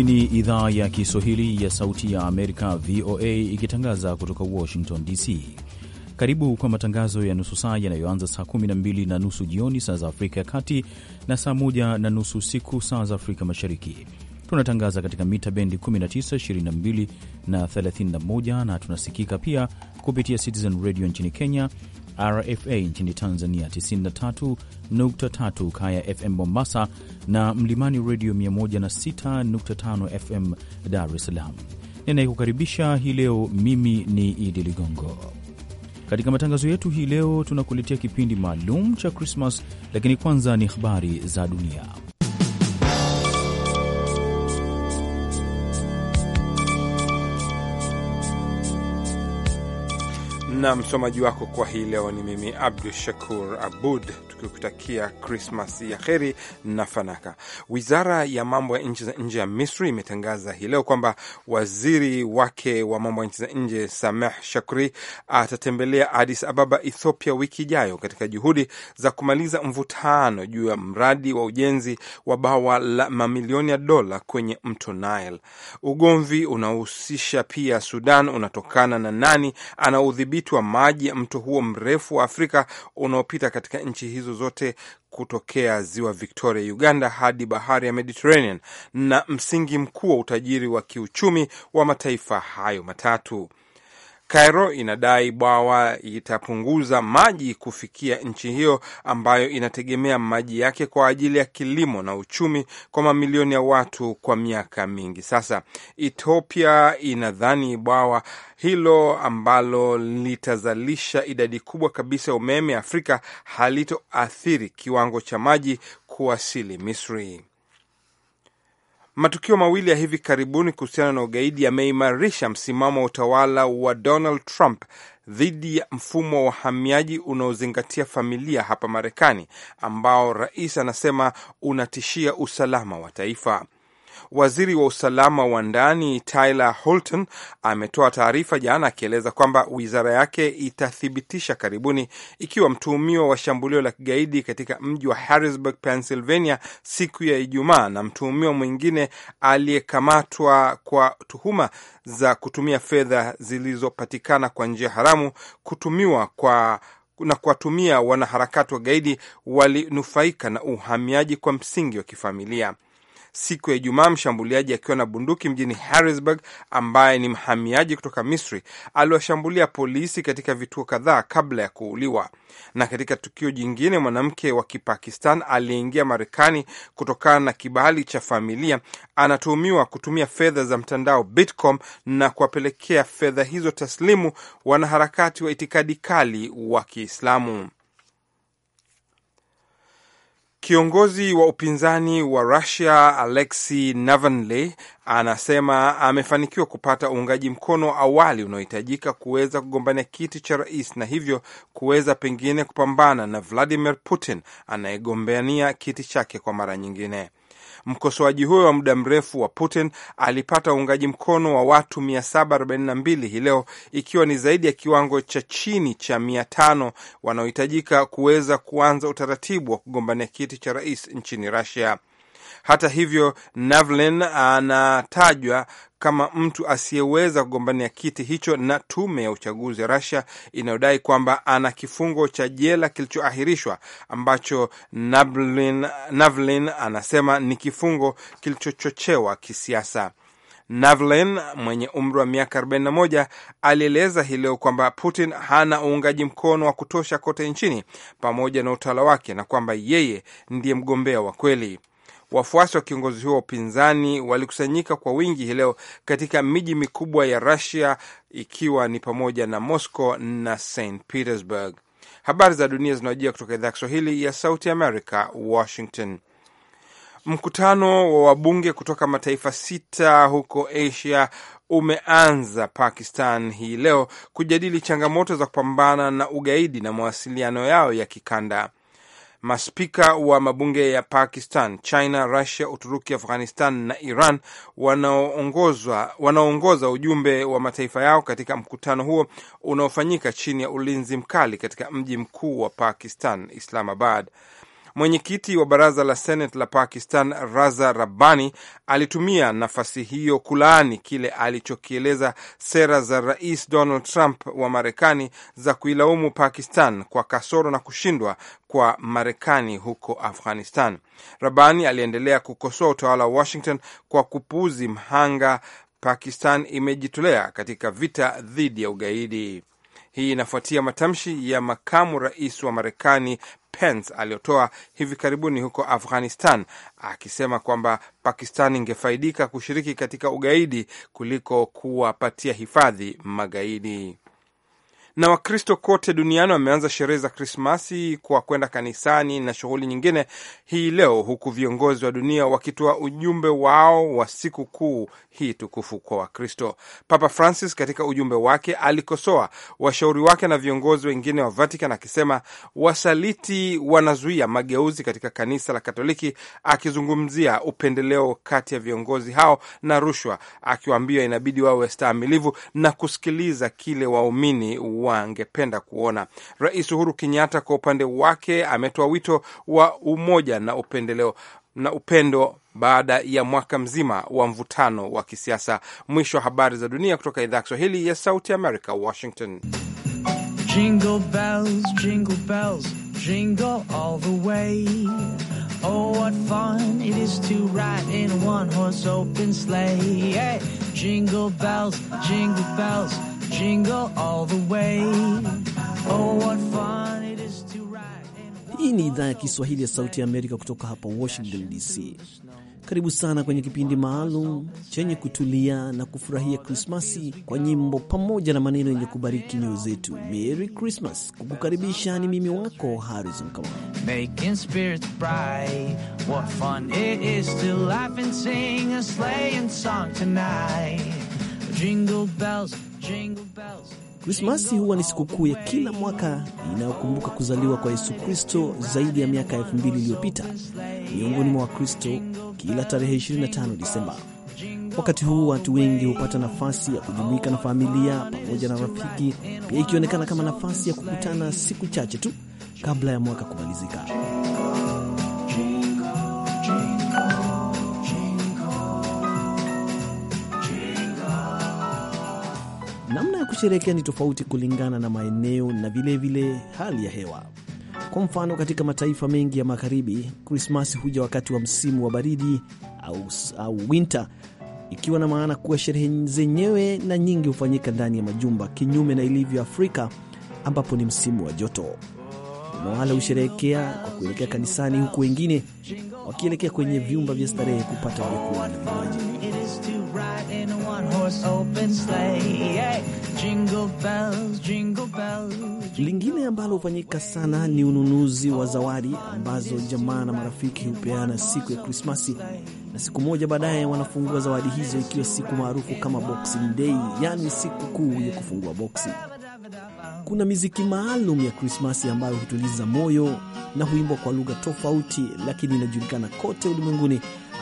Hii ni idhaa ya Kiswahili ya Sauti ya Amerika, VOA, ikitangaza kutoka Washington DC. Karibu kwa matangazo ya nusu saa yanayoanza saa 12 na nusu jioni saa za Afrika ya Kati na saa 1 na nusu siku saa za Afrika Mashariki. Tunatangaza katika mita bendi 19, 22 na 31 na tunasikika pia kupitia Citizen Radio nchini Kenya, RFA nchini Tanzania 93.3, Kaya FM Mombasa na Mlimani Redio 106.5 FM Dar es Salaam. Ninayekukaribisha hii leo mimi ni Idi Ligongo. Katika matangazo yetu hii leo tunakuletea kipindi maalum cha Krismas, lakini kwanza ni habari za dunia. na msomaji wako kwa hii leo ni mimi Abdu Shakur Abud, tukikutakia Krismas ya heri na fanaka. Wizara ya mambo ya nchi za nje ya Misri imetangaza hii leo kwamba waziri wake wa mambo ya nchi za nje Sameh Shakri atatembelea Adis Ababa, Ethiopia, wiki ijayo katika juhudi za kumaliza mvutano juu ya mradi wa ujenzi wa bawa la mamilioni ya dola kwenye mto Nile. Ugomvi unaohusisha pia Sudan unatokana na nani anaudhibiti udhibiti wa maji mto huo mrefu wa Afrika unaopita katika nchi hizo zote kutokea ziwa Victoria, Uganda, hadi bahari ya Mediterranean na msingi mkuu wa utajiri wa kiuchumi wa mataifa hayo matatu. Cairo inadai bwawa itapunguza maji kufikia nchi hiyo ambayo inategemea maji yake kwa ajili ya kilimo na uchumi kwa mamilioni ya watu kwa miaka mingi sasa. Ethiopia inadhani bwawa hilo ambalo litazalisha idadi kubwa kabisa ya umeme Afrika halitoathiri kiwango cha maji kuwasili Misri. Matukio mawili ya hivi karibuni kuhusiana na ugaidi yameimarisha msimamo wa utawala wa Donald Trump dhidi ya mfumo wa uhamiaji unaozingatia familia hapa Marekani, ambao rais anasema unatishia usalama wa taifa. Waziri wa usalama wa ndani Tyler Holton ametoa taarifa jana akieleza kwamba wizara yake itathibitisha karibuni ikiwa mtuhumiwa wa shambulio la kigaidi katika mji wa Harrisburg, Pennsylvania siku ya Ijumaa na mtuhumiwa mwingine aliyekamatwa kwa tuhuma za kutumia fedha zilizopatikana kwa njia haramu kutumiwa kwa na kuwatumia wanaharakati wa gaidi walinufaika na uhamiaji kwa msingi wa kifamilia siku ya Ijumaa, mshambuliaji akiwa na bunduki mjini Harrisburg, ambaye ni mhamiaji kutoka Misri, aliwashambulia polisi katika vituo kadhaa kabla ya kuuliwa. Na katika tukio jingine, mwanamke wa Kipakistan aliyeingia Marekani kutokana na kibali cha familia anatuhumiwa kutumia fedha za mtandao Bitcom na kuwapelekea fedha hizo taslimu wanaharakati wa itikadi kali wa Kiislamu. Kiongozi wa upinzani wa Russia Alexei Navalny anasema amefanikiwa kupata uungaji mkono awali unaohitajika kuweza kugombania kiti cha rais na hivyo kuweza pengine kupambana na Vladimir Putin anayegombania kiti chake kwa mara nyingine. Mkosoaji huyo wa muda mrefu wa Putin alipata uungaji mkono wa watu 742 hii leo, ikiwa ni zaidi ya kiwango cha chini cha 500 wanaohitajika kuweza kuanza utaratibu wa kugombania kiti cha rais nchini Russia. Hata hivyo, Navalny anatajwa kama mtu asiyeweza kugombania kiti hicho na tume ya uchaguzi ya Russia inayodai kwamba ana kifungo cha jela kilichoahirishwa ambacho Navlin, Navlin anasema ni kifungo kilichochochewa kisiasa. Navlin mwenye umri wa miaka 41 alieleza hii leo kwamba Putin hana uungaji mkono wa kutosha kote nchini pamoja na utawala wake na kwamba yeye ndiye mgombea wa kweli. Wafuasi wa kiongozi huo wa upinzani walikusanyika kwa wingi hii leo katika miji mikubwa ya Russia ikiwa ni pamoja na Moscow na St Petersburg. Habari za dunia zinawajia kutoka idhaa ya Kiswahili ya Sauti America, Washington. Mkutano wa wabunge kutoka mataifa sita huko Asia umeanza Pakistan hii leo kujadili changamoto za kupambana na ugaidi na mawasiliano yao ya kikanda. Maspika wa mabunge ya Pakistan, China, Russia, Uturuki, Afghanistan na Iran wanaoongoza ujumbe wa mataifa yao katika mkutano huo unaofanyika chini ya ulinzi mkali katika mji mkuu wa Pakistan, Islamabad. Mwenyekiti wa baraza la Senate la Pakistan Raza Rabbani alitumia nafasi hiyo kulaani kile alichokieleza sera za Rais Donald Trump wa Marekani za kuilaumu Pakistan kwa kasoro na kushindwa kwa Marekani huko Afghanistan. Rabani aliendelea kukosoa utawala wa Washington kwa kupuuzi mhanga Pakistan imejitolea katika vita dhidi ya ugaidi. Hii inafuatia matamshi ya makamu rais wa Marekani Pence aliyotoa hivi karibuni huko Afghanistan, akisema kwamba Pakistan ingefaidika kushiriki katika ugaidi kuliko kuwapatia hifadhi magaidi. Na Wakristo kote duniani wameanza sherehe za Krismasi kwa kwenda kanisani na shughuli nyingine hii leo, huku viongozi wa dunia wakitoa ujumbe wao wa siku kuu hii tukufu kwa Wakristo. Papa Francis katika ujumbe wake alikosoa washauri wake na viongozi wengine wa Vatican akisema wasaliti wanazuia mageuzi katika kanisa la Katoliki, akizungumzia upendeleo kati ya viongozi hao na rushwa, akiwaambia inabidi wawe staamilivu na kusikiliza kile waumini wa wangependa kuona. Rais Uhuru Kenyatta kwa upande wake ametoa wito wa umoja na upendeleo na upendo baada ya mwaka mzima wa mvutano wa kisiasa. Mwisho wa habari za dunia kutoka idhaa ya Kiswahili ya Sauti America, Washington. Jingle bells, jingle bells, jingle all the way. Oh, what fun it is to ride in a one horse open sleigh. Hey, jingle bells, jingle bells Jingle all the way. Oh, what fun it is to ride. Hii ni idhaa ya Kiswahili ya Sauti ya Amerika kutoka hapa Washington DC. Karibu sana kwenye kipindi maalum chenye kutulia na kufurahia Krismasi kwa nyimbo pamoja na maneno yenye kubariki nyoyo zetu. Merry Christmas, kukukaribisha ni mimi wako Harrison Kamau. Jingle bells Krismasi huwa ni sikukuu ya kila mwaka inayokumbuka kuzaliwa kwa Yesu Kristo zaidi ya miaka elfu mbili iliyopita miongoni mwa Wakristo kila tarehe 25 Disemba. Wakati huu watu wengi hupata nafasi ya kujumuika na familia pamoja na rafiki, pia ikionekana kama nafasi ya kukutana siku chache tu kabla ya mwaka kumalizika. kusherehekea ni tofauti kulingana na maeneo na vilevile vile hali ya hewa. Kwa mfano, katika mataifa mengi ya magharibi, Krismasi huja wakati wa msimu wa baridi au, au winter, ikiwa na maana kuwa sherehe zenyewe na nyingi hufanyika ndani ya majumba, kinyume na ilivyo Afrika ambapo ni msimu wa joto. Kuna wale husherehekea kwa kuelekea kanisani, huku wengine wakielekea kwenye vyumba vya starehe kupata vyakula na vinywaji. Lingine ambalo hufanyika sana ni ununuzi wa zawadi ambazo jamaa na marafiki hupeana siku ya Krismasi, na siku moja baadaye wanafungua zawadi hizo, ikiwa siku maarufu kama Boxing Day, yaani siku kuu ya kufungua boksi. Kuna miziki maalum ya Krismasi ambayo hutuliza moyo na huimbwa kwa lugha tofauti, lakini inajulikana kote ulimwenguni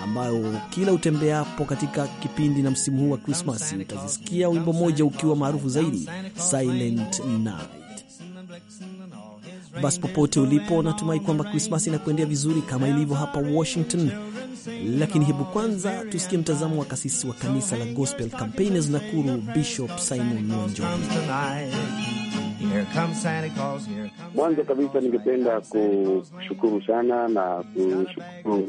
ambayo kila utembeapo katika kipindi na msimu huu wa Krismasi utazisikia wimbo mmoja ukiwa maarufu zaidi, Silent Night. Basi popote ulipo, natumai kwamba Krismasi inakuendea vizuri kama ilivyo hapa Washington. Lakini hebu kwanza tusikie mtazamo wa kasisi wa kanisa la Gospel Campaigners Nakuru, Bishop Simon Wanjohi. Mwanzo kabisa ningependa kushukuru sana na kushukuru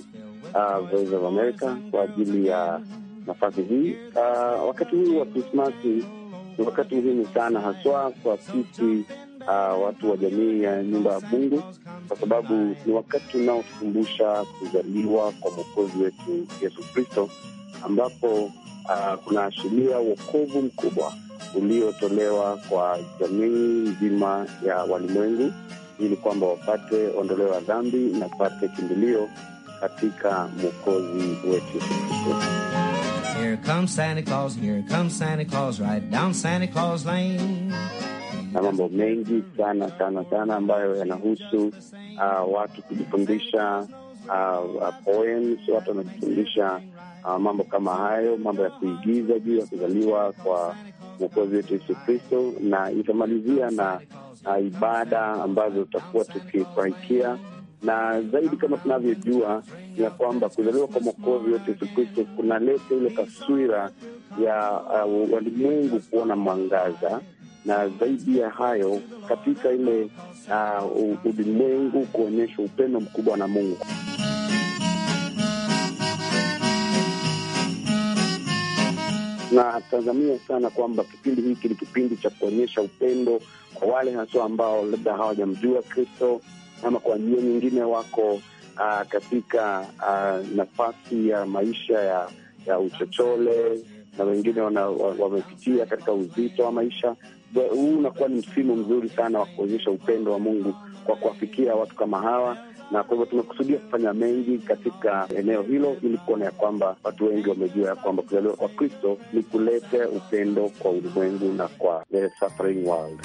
uh, Voice of America kwa ajili ya nafasi hii. Uh, wakati huu wa Krismasi ni wakati muhimu sana haswa kwa sisi uh, watu wa jamii ya nyumba ya Mungu, kwa sababu ni wakati unaotukumbusha kuzaliwa kwa mwokozi wetu Yesu Kristo, ambapo uh, kunaashiria uokovu mkubwa uliotolewa kwa jamii nzima ya walimwengu ili kwamba wapate ondoleo la dhambi na wapate kimbilio katika mwokozi wetu Yesu Kristo. Here comes Santa Claus, here comes Santa Claus, right down Santa Claus Lane na mambo mengi sana sana sana ambayo yanahusu uh, watu kujifundisha uh, uh, poems, watu wanajifundisha uh, mambo kama hayo, mambo ya kuigiza juu ya kuzaliwa kwa mwokozi wetu Yesu Kristo, na itamalizia na uh, ibada ambazo tutakuwa tukifurahikia na zaidi, kama tunavyojua ya kwamba kuzaliwa kwa mwokozi wetu Yesu Kristo kunaleta ile taswira ya uh, walimwengu kuona mwangaza, na zaidi ya hayo, katika ile uh, ulimwengu kuonyesha upendo mkubwa na Mungu. Natazamia sana kwamba kipindi hiki ni kipindi cha kuonyesha upendo kwa wale haswa ambao labda hawajamjua Kristo ama kwa njia nyingine wako uh, katika uh, nafasi ya maisha ya, ya uchochole na wengine wamepitia katika uzito wa maisha. Huu unakuwa ni msimu mzuri sana wa kuonyesha upendo wa Mungu kwa kuwafikia watu kama hawa, na kwa hivyo tumekusudia kufanya mengi katika eneo hilo ili kuona ya kwamba watu wengi wamejua ya kwamba kuzaliwa kwa Kristo ni kulete upendo kwa ulimwengu na kwa the suffering world.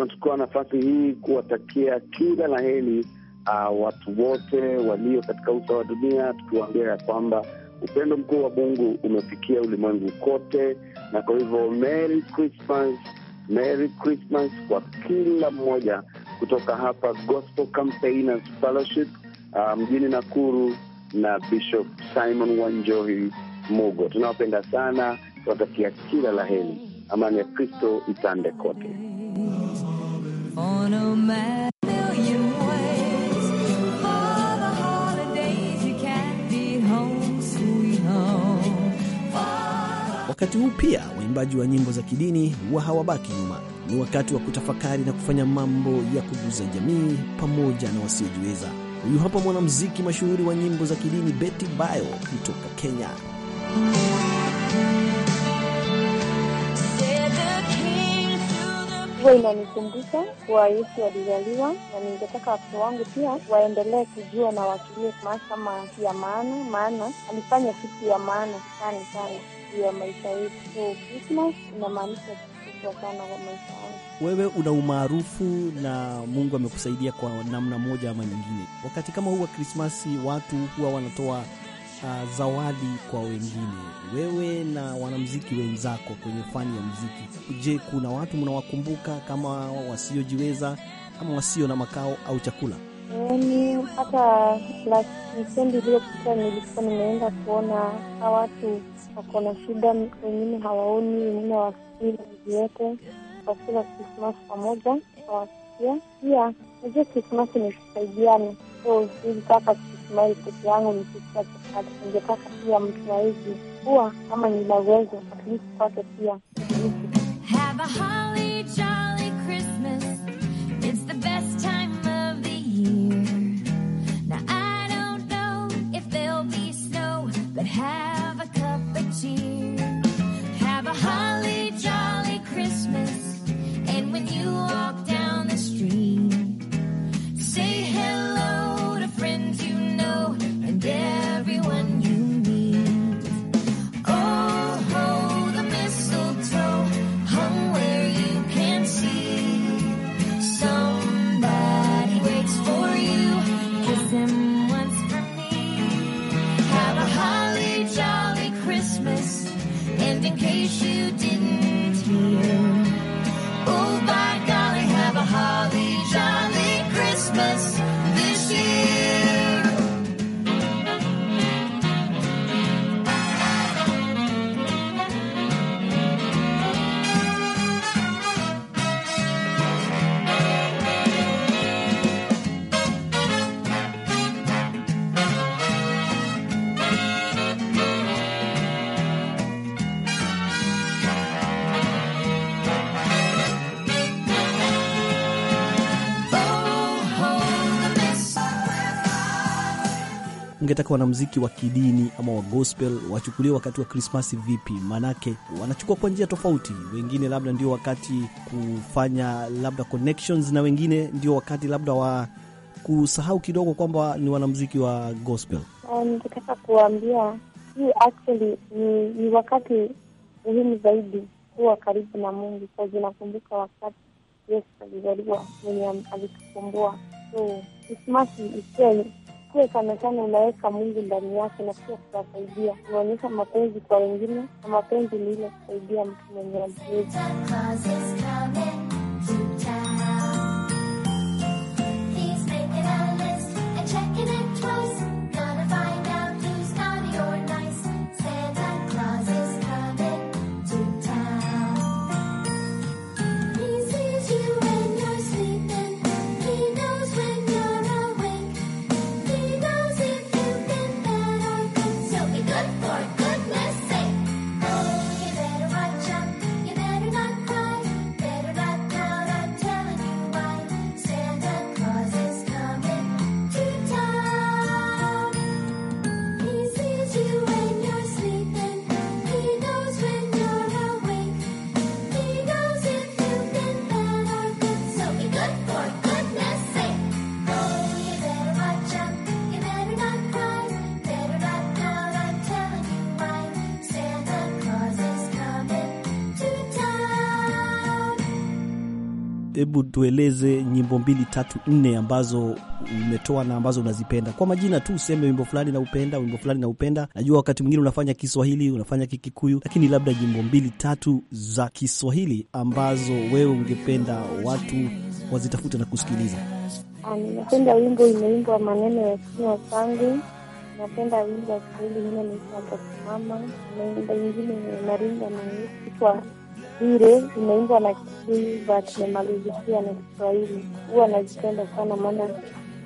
tunachukua nafasi hii kuwatakia kila la heri uh, watu wote walio katika uso wa dunia, tukiwaambia ya kwamba upendo mkuu wa Mungu umefikia ulimwengu kote, na kwa hivyo Merry Christmas, Merry Christmas kwa kila mmoja kutoka hapa Gospel Campaigners Fellowship uh, mjini Nakuru na Bishop Simon Wanjohi Mugo. Tunawapenda sana, tunatakia kila la heri. Amani ya Kristo itande kote on a million ways. For the holidays you can't be home sweet home. Wakati huu pia waimbaji wa nyimbo za kidini huwa hawabaki nyuma. Ni wakati wa kutafakari na kufanya mambo ya kuguza jamii pamoja na wasiojiweza. Huyu hapa mwanamziki mashuhuri wa nyimbo za kidini Betty Bayo kutoka Kenya. Huwa inanikumbusha kuwa Yesu alizaliwa, na ningetaka watoto wangu pia waendelee kujua na wakilie mahakama ya maana, maana alifanya kitu ya maana sana sana juu ya maisha yetu. So Christmas inamaanisha wewe una umaarufu na Mungu amekusaidia kwa namna moja ama nyingine. Wakati kama huu wa Krismasi, watu huwa wanatoa uh, zawadi kwa wengine, wewe na wanamziki wenzako kwenye fani ya mziki? Je, kuna watu mnawakumbuka kama wasiojiweza ama wasio na makao au chakula? Ni hata wikendi iliyopita nilikuwa nimeenda kuona hawa watu wako na shida, wengine hawaoni, wengine hawasikii mziki wote wakila Krismas pamoja hawasikia. Pia najua Krismasi ni kusaidiana, so ilitaka Ismail peke yangu nikikia kipande, ningetaka pia mtu aizi kuwa kama nina uwezo kwake pia. ungetaka wanamziki wa kidini ama wa gospel wachukuliwe wakati wa Krismasi vipi? Maanake wanachukua kwa njia tofauti. Wengine labda ndio wakati kufanya labda connections, na wengine ndio wakati labda wa kusahau kidogo kwamba ni wanamziki wa gospel. Ah, ningetaka kuwambia hii actually ni, ni wakati muhimu zaidi kuwa karibu na Mungu kwa zinakumbuka wakati Yesu alizaliwa mwenye alitukomboa. So Krismasi ikiwa pia sana sana unaweka Mungu ndani yake na pia kuwasaidia, unaonyesha mapenzi kwa wengine na mapenzi ni ile kusaidia mtu mwenyewe. hebu tueleze nyimbo mbili tatu nne ambazo umetoa na ambazo unazipenda kwa majina tu, useme wimbo fulani na upenda wimbo fulani na upenda. Najua wakati mwingine unafanya Kiswahili, unafanya Kikikuyu, lakini labda nyimbo mbili tatu za Kiswahili ambazo wewe ungependa watu wazitafute na kusikiliza. Napenda wimbo imeimbwa maneno ya kinywa changu. Napenda wimbo wa Kiswahili ingine inaitwa Mama, na wimbo ingine maringa na zile imeimbwa na Kikuyu but nimalizia na Kiswahili. Huwa nazipenda sana, maana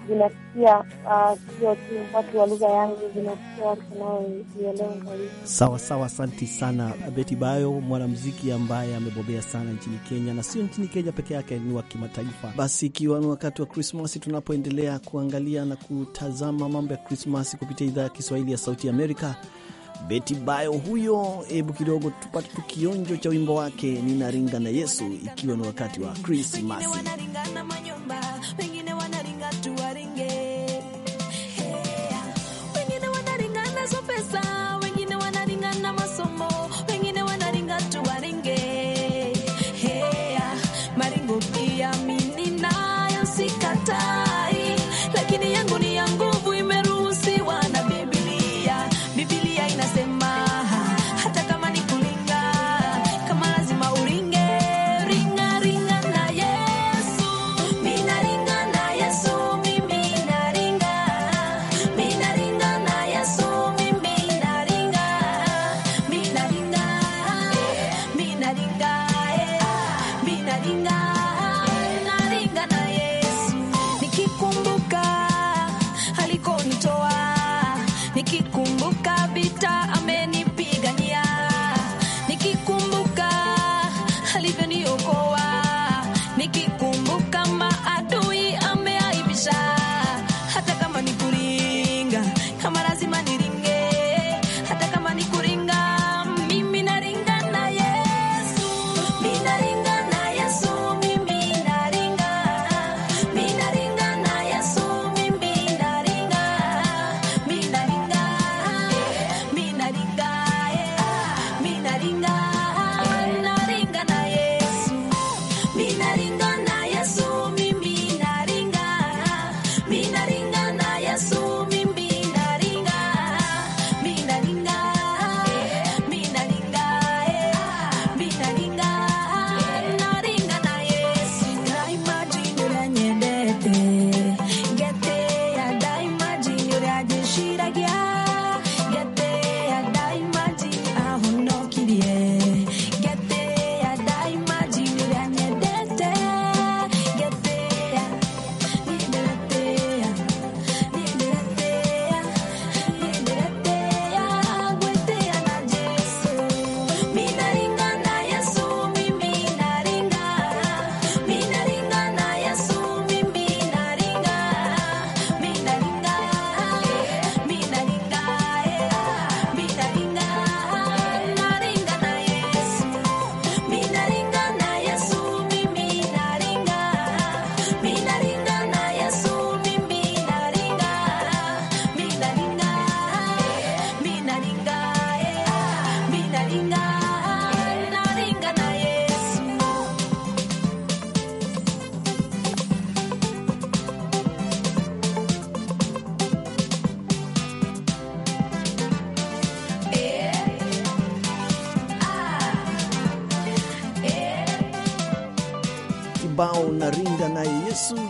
zinasikia ah, sio uh, tu watu wa lugha yangu, zinasikia watu wanaoielewa zaidi. Sawa sawa, asanti sana Beti Bayo, mwanamuziki ambaye amebobea sana nchini Kenya na sio nchini Kenya peke yake, ni wa kimataifa. Basi ikiwa ni wakati wa Krismasi, tunapoendelea kuangalia na kutazama mambo ya Krismasi kupitia idhaa ya Kiswahili ya Sauti Amerika Beti Bayo huyo. Hebu kidogo tupate tu kionjo cha wimbo wake ninaringa na Yesu, ikiwa ni wakati wa Krismasi.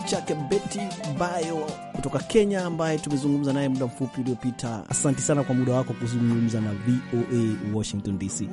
chake Beti Bayo kutoka Kenya, ambaye tumezungumza naye muda mfupi uliopita. asanti sana kwa muda wako kuzungumza na VOA Washington DC.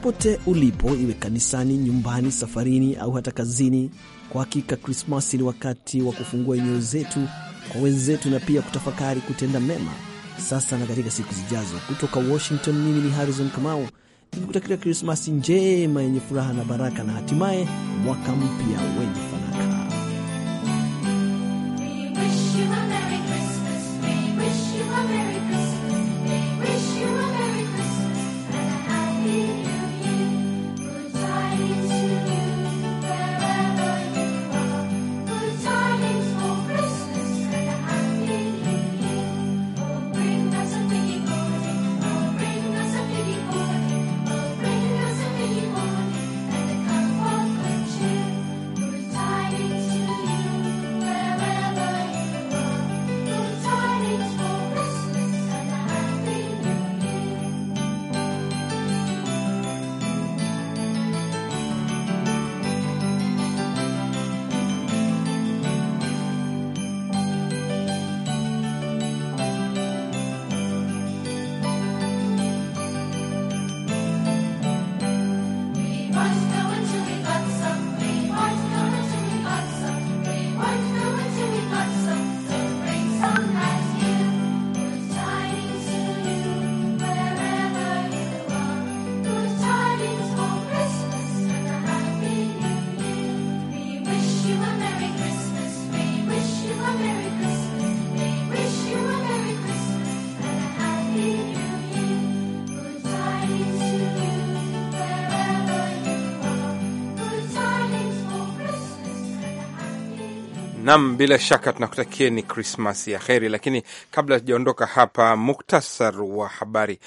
Popote ulipo, iwe kanisani, nyumbani, safarini au hata kazini, kwa hakika Krismasi ni wakati wa kufungua nyoyo zetu kwa wenzetu na pia kutafakari kutenda mema sasa na katika siku zijazo. Kutoka Washington, mimi ni Harrison Kamau nikikutakia Krismasi njema yenye furaha na baraka na hatimaye mwaka mpya wenye Nam, bila shaka ni Krismasi ya heri, lakini kabla tujaondoka hapa, muktasar wa habari.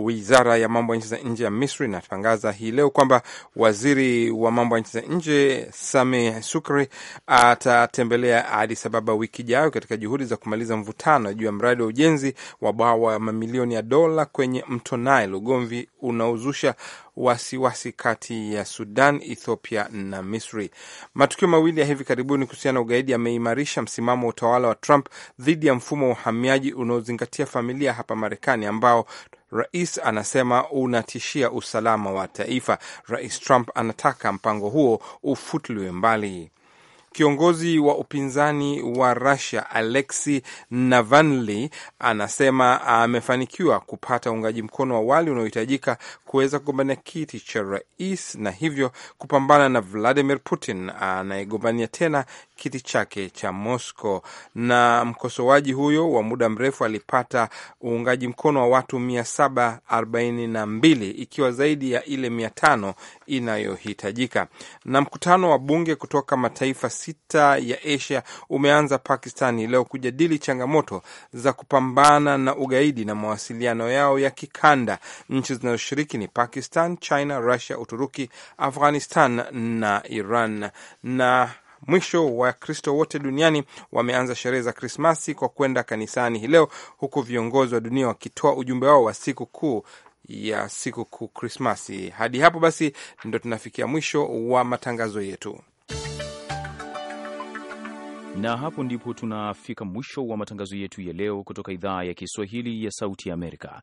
Wizara ya mambo ya nchi za nje ya Misri inatangaza hii leo kwamba waziri wa mambo ya nchi za nje Sameh Sukri atatembelea hadi Ababa wiki ijayo katika juhudi za kumaliza mvutano juu ya mradi wa ujenzi wa bwawa mamilioni ya dola kwenye mto Nile, ugomvi unaozusha wasiwasi wasi kati ya Sudan, Ethiopia na Misri. Matukio mawili ya hivi karibuni kuhusiana na ugaidi yameimarisha msimamo wa utawala wa Trump dhidi ya mfumo wa uhamiaji unaozingatia familia hapa Marekani ambao Rais anasema unatishia usalama wa taifa. Rais Trump anataka mpango huo ufutuliwe mbali. Kiongozi wa upinzani wa Russia Alexei Navalny anasema amefanikiwa kupata uungaji mkono wa wali unaohitajika kuweza kugombania kiti cha rais na hivyo kupambana na Vladimir Putin anayegombania tena kiti chake cha Moscow. Na mkosoaji huyo wa muda mrefu alipata uungaji mkono wa watu 742 ikiwa zaidi ya ile 500 inayohitajika. Na mkutano wa bunge kutoka mataifa sita ya Asia umeanza Pakistani leo kujadili changamoto za kupambana na ugaidi na mawasiliano yao ya kikanda. Nchi zinazoshiriki ni Pakistan, China, Russia, Uturuki, Afghanistan na Iran na mwisho Wakristo wote duniani wameanza sherehe za Krismasi kwa kwenda kanisani hii leo, huku viongozi wa dunia wakitoa ujumbe wao wa siku kuu ya sikukuu Krismasi. Hadi hapo basi, ndo tunafikia mwisho wa matangazo yetu na hapo ndipo tunafika mwisho wa matangazo yetu ya leo kutoka idhaa ya Kiswahili ya Sauti ya Amerika.